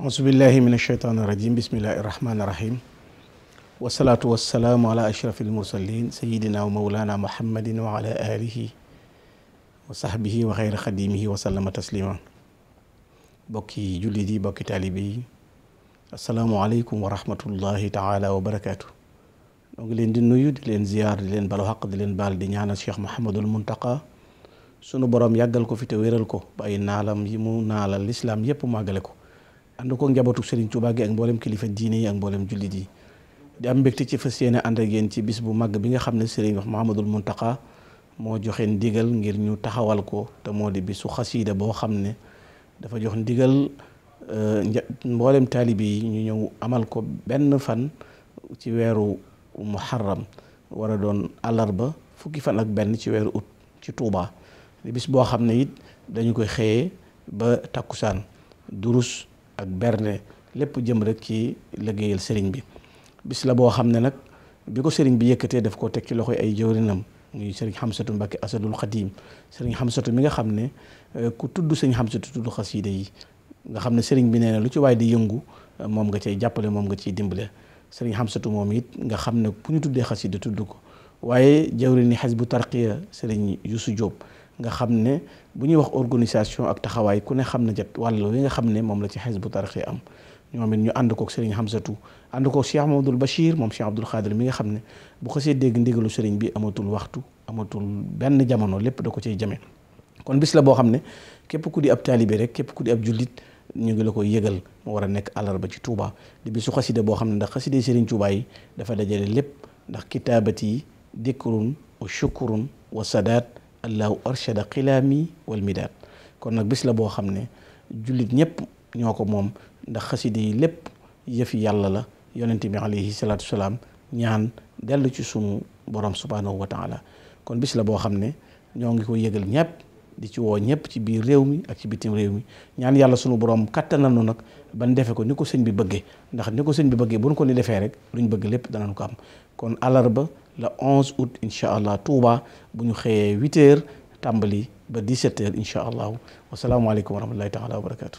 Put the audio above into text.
aousubillahi min alsheytaani irajim bismillahi irrahmani irrahim wasalaatu wassalaamu ala ashrafi almursalin sayidina wa maulana muhammadin wa ala alihi wa sahbihi wa xeyra xadimihi wa sallama taslima bokki jullit yi bokki taalibe yi asalaamualeykum wa rahmatullahi taala wa barakaatu ñoo ngi leen di nuyu di leen ziyaar di leen balu xaq di leen baal di ñaanal cheikh mahamadul muntaqa sunu boroom yàggal ko fi te wéral ko ba ay naalam yi mu naalal lislaam yépp màggale ko ànd ko njabootu Serigne Touba gi ak mboolem kilifa diine yi ak mboolem jullit yi di am mbégte ci fas yéene ànd ak yéen ci bis bu mag bi nga xam ne Serigne wax Mahamadul Muntaka moo joxe ndigal ngir ñu taxawal ko te moo di bisu xasiida boo xam ne dafa jox ndigal euh, mboolem taalibe yi ñu ñëw amal ko benn fan ci weeru muharram war a doon ba fukki fan ak benn ci weeru ut ci Touba bis boo xam ne it dañu koy xëyee ba takkusaan durus ak berne lépp jëm rek ci liggéeyal sëriñ bi bis la boo xam ne nag bi ko sëriñ bi yëkkatee daf koo teg loxo yi ay jëwrinam muy sëriñ xamsatu mbàkke asadul xadim sëriñ xamsatu mi nga xam ne euh, ku tudd sëriñ xamsatu tudd xasiide yi nga xam ne sëriñ bi nee na lu ci waay di yëngu euh, moom nga cay jàppale moom nga ciy dimbale sëriñ xamsatu moom it nga xam ne ku ñu tuddee xasiide tudd ko waaye jëwrini xes bu tarqiya sëriñ yusu jóob nga xam ne bu ñuy wax organisation ak taxawaay ku ne xam na jot wàll wi nga xam ne moom la ci xisbu tarixi am ñoom it ñu ànd koog sëriñ Hamsatu ànd koog Cheikh Mamadul Bachir moom Cheikh Abdul Xaadir mi nga xam ne bu xasee dégg ndigalu sëriñ bi amatul waxtu amatul benn jamono lépp da ko cay jame kon bis la boo xam ne képp ku di ab taalibe rek képp ku di ab jullit ñu ngi la koy yëgal mu war a nekk àllarba ci Touba di bisu xaside boo xam ne ndax xaside sëriñ Touba yi dafa dajale lépp ndax kitaabat yi dikrun wa shukurun wa sadaat allahu arshada xilaami wal midaad kon nag bis la boo xam ne jullit ñëpp ñoo ko moom ndax xaside yi lépp yëfi yàlla la yonente bi alayhi salaatu salaam ñaan dellu ci sunu borom subhaanahu wa la kon bis la boo xam ne ñoo ngi ko yëgal ñëpp di ci woo ñëpp ci biir réew mi ak ci bitim réew mi ñaan yàlla sunu borom kattanal nu nag ban defe ko ni ko sëñ bi bëggee ndax ni ko sëñ bi bëggee bu nu ko ni defee rek luñ bëgg lépp danañ ko am kon alarba le 11 août incha allah Touba bu ñu xëyee 8 tambali ba ba 17h incha allahu wasalaamualeykum wa rahmatullahi taala wa barakaatu.